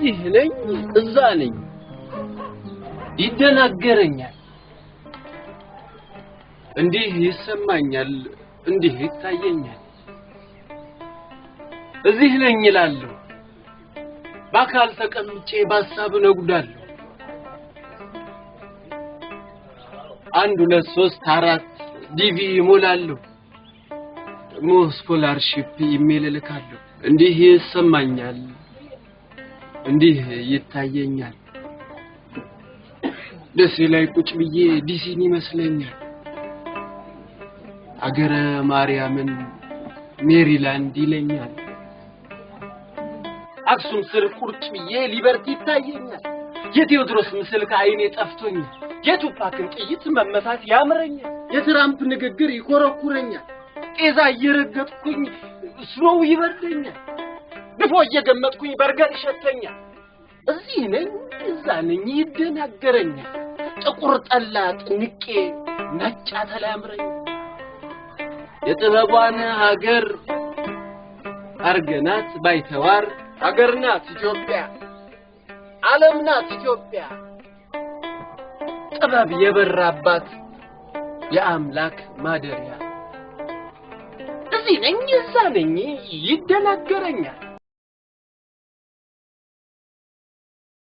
እዚህ ነኝ እዛ ነኝ ይደናገረኛል። እንዲህ ይሰማኛል፣ እንዲህ ይታየኛል። እዚህ ነኝ እላለሁ፣ በአካል ተቀምጬ በሀሳብ እነጉዳለሁ። አንድ ሁለት ሶስት አራት ዲቪ ይሞላለሁ። ደግሞ ስኮላርሺፕ ኢሜል እልካለሁ። እንዲህ ይሰማኛል እንዲህ ይታየኛል። ደሴ ላይ ቁጭ ብዬ ዲሲን ይመስለኛል። አገረ ማርያምን ሜሪላንድ ይለኛል። አክሱም ስር ቁርጭ ብዬ ሊበርቲ ይታየኛል። የቴዎድሮስ ምስል ከአይኔ ጠፍቶኛል። የቱፓክን ጥይት መመታት ያምረኛል። የትራምፕ ንግግር ይኮረኩረኛል። ጠረጴዛ እየረገጥኩኝ ስኖው ይበርደኛል፣ ንፎ እየገመጥኩኝ በርገር ይሸተኛል። እዚህ ነኝ እዛ ነኝ ይደናገረኛል። ጥቁር ጠላ ጥንቄ ነጭ አተላ የጥበቧን ሀገር አርገናት ባይተዋር ሀገር ናት ኢትዮጵያ፣ ዓለም ናት ኢትዮጵያ። ጥበብ የበራባት የአምላክ ማደሪያ ሲለኝ እዛ ነኝ ይደናገረኛል።